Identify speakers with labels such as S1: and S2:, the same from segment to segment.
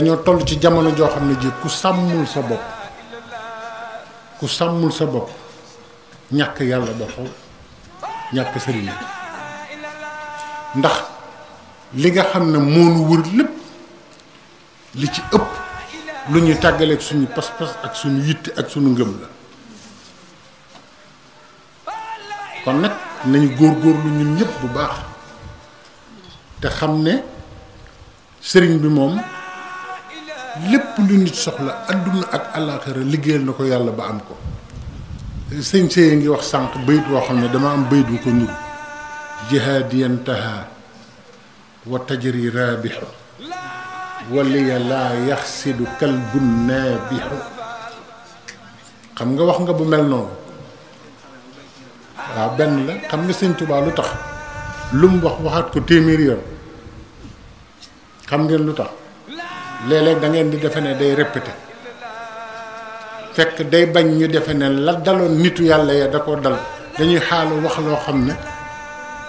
S1: dañoo toll ci jamono joo xam ne ji ku sàmmul sa bopp ku sàmmul sa bopp ñàkk yàlla dafa ñàkk sëriñ ndax li nga xam ne moonu wër lépp li ci ëpp lu ñuy tàggale suñu pas-pas ak suñu yitte ak suñu ngëm la kon nag nañu lu ñun ñëpp bu baax te xam ne sëriñ bi moom lépp lu nit soxla aduna ak alakhira liggeel nako yàlla ba am ko seigne sey ngi wax sank beuyit wo xamne dama am beuyit bu ko nit jihad yantaha wa tajri rabih wa li la yakhsid kalbun nabih xam nga wax nga bu mel non wa ben la xam nga seigne touba lutax lum wax waxat ko temir yoon xam ngeen lutax léeg-léeg da ngeen di defe ne day répété fekk day bañ ñu defe ne la daloon nitu yàlla ya da ko dal dañuy xaalu wax loo xam ne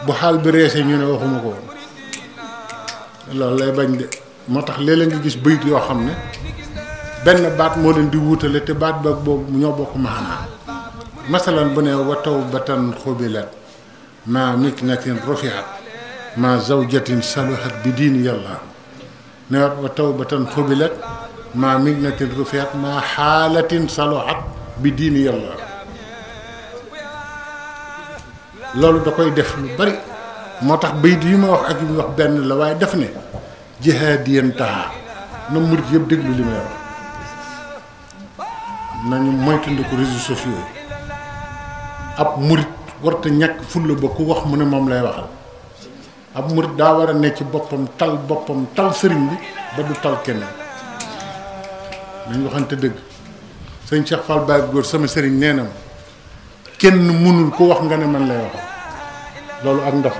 S1: bu xaal bi reese ñu ne waxuma ko woon loolu lay bañ de moo tax léeg-léeg nga gis bëyit yoo xam ne benn baat moo leen di wuutale te baat ba boobu ñoo bokk maanaa masalan bu ne wa tawbatan xubilat ma miknatin rufiat ma zawjatin saluhat bi diini yàlla newaat wa tawbatan xubilat maa mignatin rufiat maa xaalatin salohat bi diini yàlla loolu da koy def lu bari moo tax bayit yi ma wax ak yi wax benn la waaye def ne jihaadiyan taha na murit yëpp déglu li may wax nañu moytandiku réseaux sociaux ab murit warta ñàkk fulla ba ku wax mu ne moom lay waxal ab murid da wara ne ci bopam tal bopam tal sëriñ bi ba du tal keneen ñu waxante deug señ Cheikh Fall Baye Góor sama sëriñ neena ken ma kenn munul ko wax nga ne man lay wax lolu ak ndax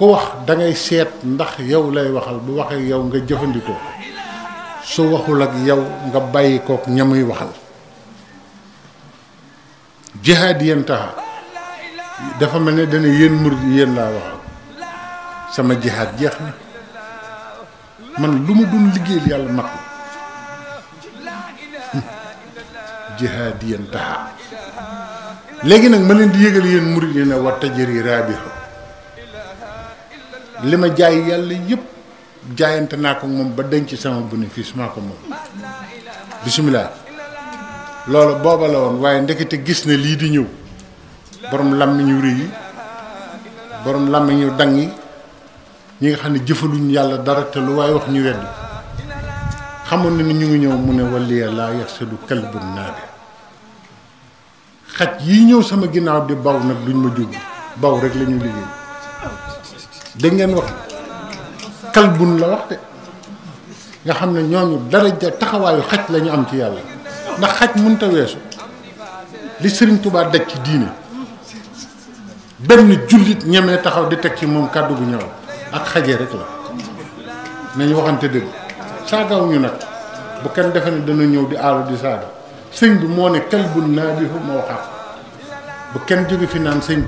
S1: ko wax da ngay seet ndax yow lay waxal bu waxe yow nga jëfëndiko su waxul ak yow nga bayyi ko ña waxal jihaad dafa mel dana yeen murid yeen la waxal sama jihaat jeex na man lu mu doon liggéeyal yàlla mat hmm. jihaad yéen taxa léegi nag ma leen di yëgal yéen murid yi ne wa tajëri rabihu li ma jaay yàlla yépp jaayante naa ko moom ba denc sama bénéfice maa ko moom bisimilah loolu booba la woon waaye ndekete gis ne lii di ñëw borom làmmiñu rëy yi borom làmmiñu dang yi ñi nga xam ne jëfaluñ yàlla dara te lu waay wax ñu wedd xamoon na ni ñu ngi ñëw mu ne waliya laa yaxsadu kalbu naabi xaj yi ñëw sama ginnaaw di baw nag duñ ma jóg baw rek la ñu liggéey dégg ngeen wax kalbun la wax de nga xam ne ñooñu dara ja taxawaayu xaj la ñu am ci yàlla ndax xaj mënta weesu li sëriñ tubaa daj ci diine benn jullit ñemee taxaw di teg ci moom kàddu bu ak xaje rek la nañu waxante dëgg saagaw ñu nag bu kenn defe ne dana ñëw di aalu di saaga sëñ bi moo ne kalbun naa bi fu ma waxaat bu kenn jóge fi naan sëñ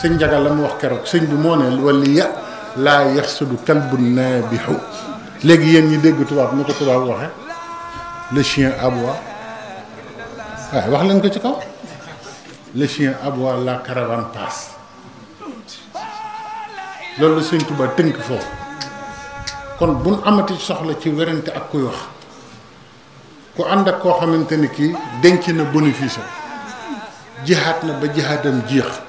S1: sëñ njagal la mu wax keroog sëñ bi moo ne wala ya laa yax sudu kalbun naa bi xaw léegi yéen ñi dégg tubaab nu ko tubaab waxe le chien waaye wax lañ ko ci kaw le chien aboie la caravane loolu la sëñ tënk foofu kon buñ amati soxla ci werante ak kuy wax ku ànd ak koo xamante ni kii denc na bénéfice jihaat na ba jihaatam jeex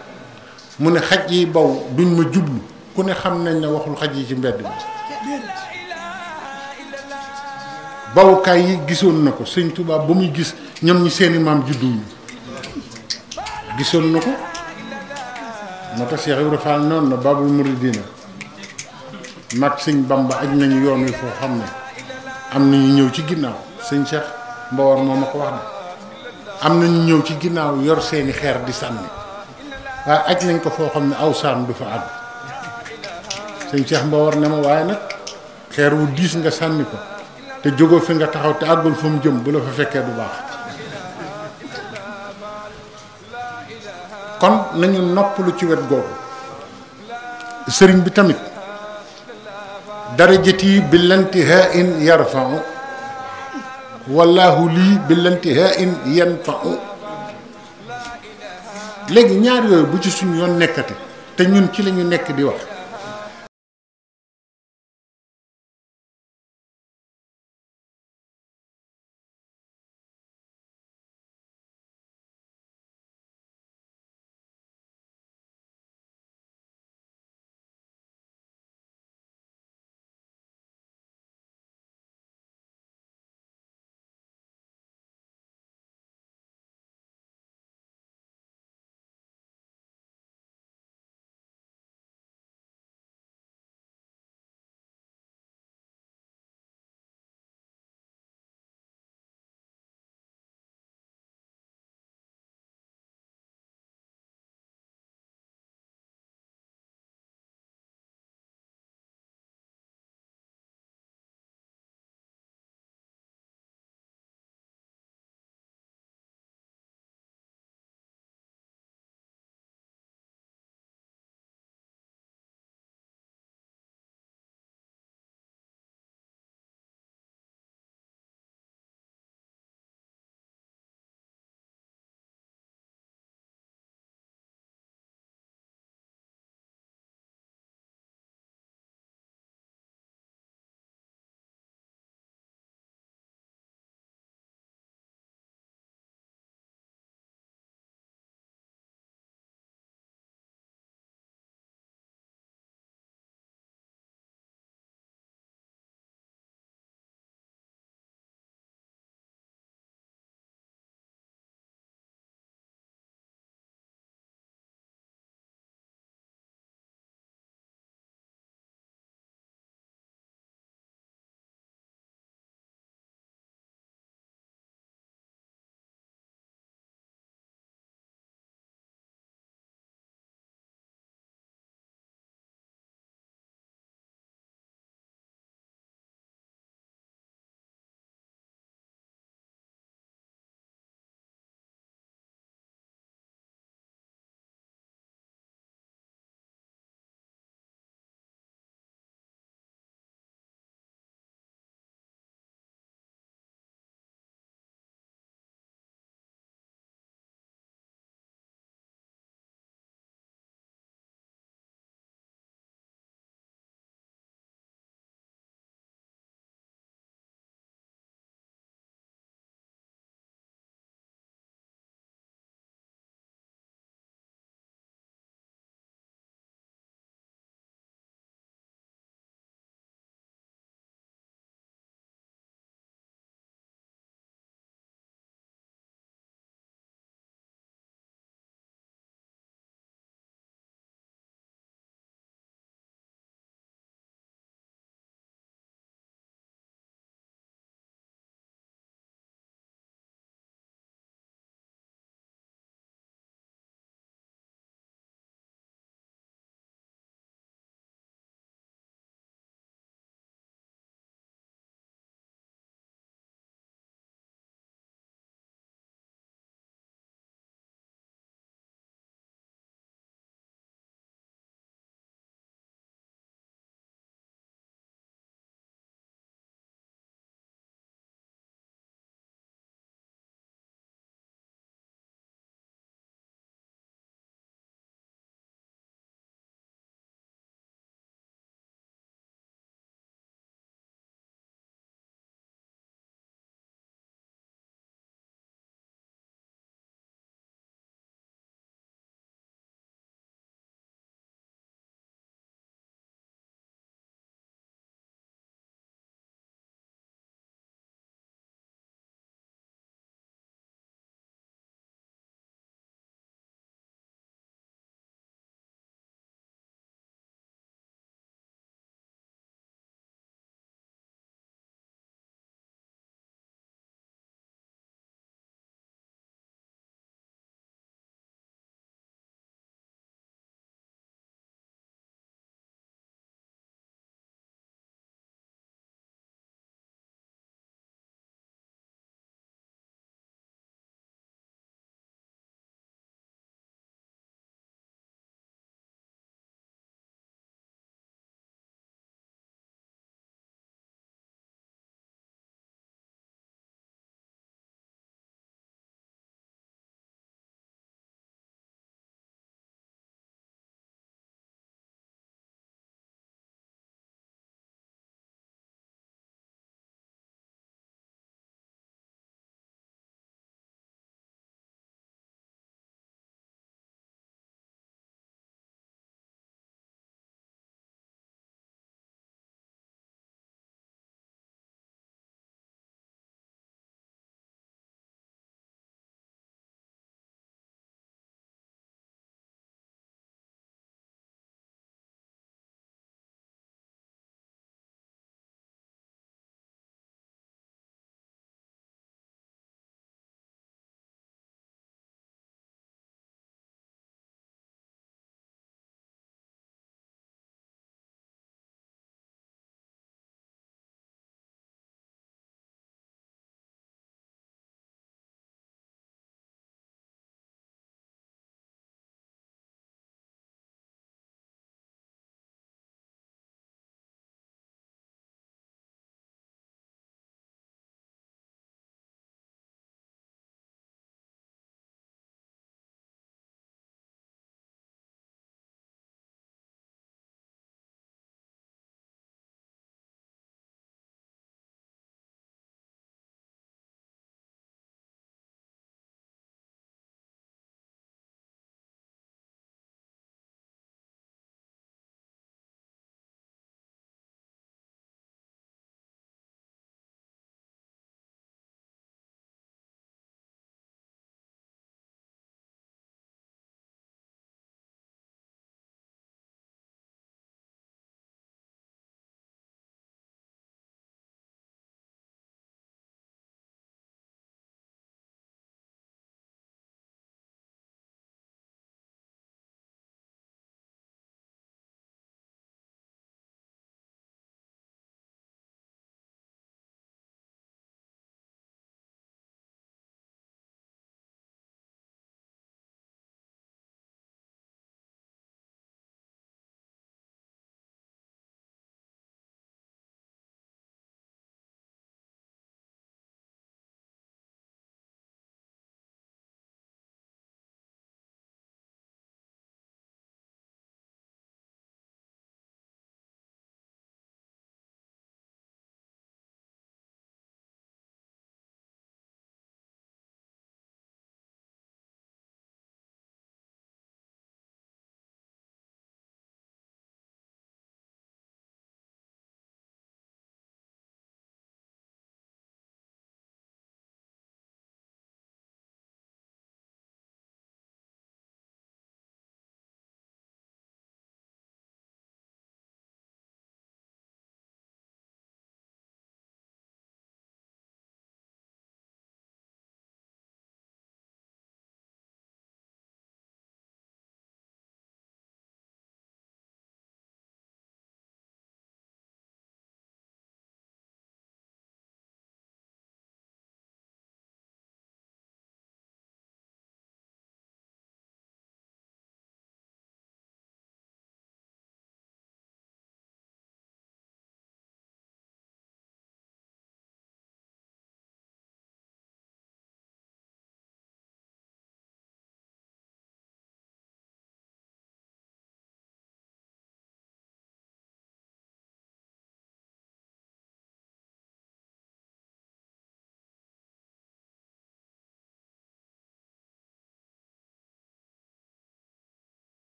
S1: mu ne xaj yi baw duñ ma jublu ku ne xam nañ ne waxul xaj yi ci mbedd bi bawukaay yi gisoon na ko sëñ Tuubaa ba muy gis ñoom ñi seeni maam juddu ñu gisoon na ko moo tax Cheikh Ibrahima Fall noonu na Babul Mouridina mag sëñ Bamba aj nañu yoon wi foo xam ne am na ñu ñëw ci ginnaaw sëñ Cheikh Mbawar moom a ko wax na am na ñu ñëw ci ginnaaw yor seeni xeer di sànni waaye aj nañ ko foo xam ne aw saam du fa àddu sëñ Cheikh Mbawar ne ma waaye nag xeer wu diis nga sànni ko te jógoo fi nga taxaw te àggul fa mu jëm bu la fa fekkee du baax kon nañu noppalu ci wet googu sëriñ bi tamit darajati bilantihain yarfau wallahu lii bilantihain yanfau léegi ñaar yooyu bu ci suñu yoon nekkati te ñun ci lañu nekk di wax